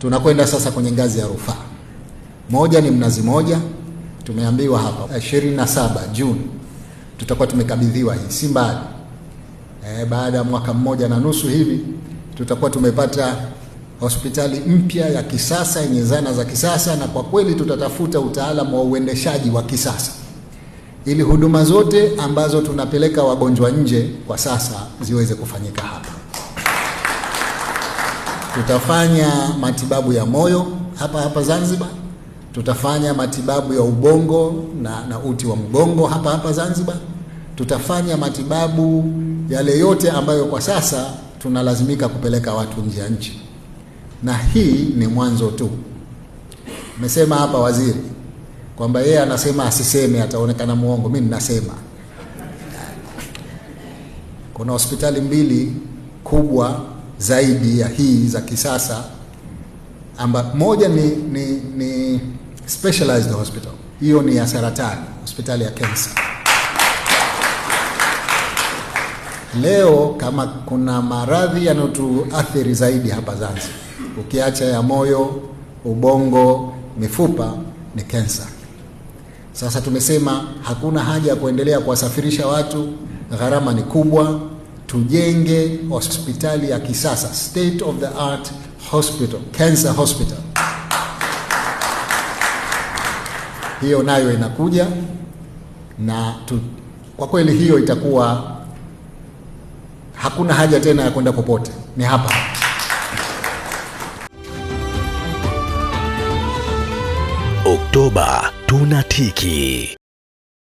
Tunakwenda sasa kwenye ngazi ya rufaa. Moja ni Mnazi Moja, tumeambiwa hapa 27 Juni tutakuwa tumekabidhiwa hii, si mbali e, baada ya mwaka mmoja na nusu hivi tutakuwa tumepata hospitali mpya ya kisasa yenye zana za kisasa, na kwa kweli tutatafuta utaalamu wa uendeshaji wa kisasa ili huduma zote ambazo tunapeleka wagonjwa nje kwa sasa ziweze kufanyika hapa tutafanya matibabu ya moyo hapa hapa Zanzibar, tutafanya matibabu ya ubongo na, na uti wa mgongo hapa hapa Zanzibar, tutafanya matibabu yale yote ambayo kwa sasa tunalazimika kupeleka watu nje ya nchi, na hii ni mwanzo tu. Amesema hapa waziri kwamba yeye anasema asiseme, ataonekana mwongo. Mimi ninasema kuna hospitali mbili kubwa zaidi ya hii za kisasa amba moja ni, ni, ni specialized hospital, hiyo ni ya saratani, hospitali ya kensa. Leo kama kuna maradhi yanayotuathiri zaidi hapa zanzi ukiacha ya moyo, ubongo, mifupa, ni kensa. Sasa tumesema hakuna haja ya kuendelea kuwasafirisha watu, gharama ni kubwa tujenge hospitali ya kisasa, state of the art hospital, cancer hospital. Hiyo nayo inakuja na tu, kwa kweli hiyo itakuwa hakuna haja tena ya kwenda popote, ni hapa. Oktoba tunatiki.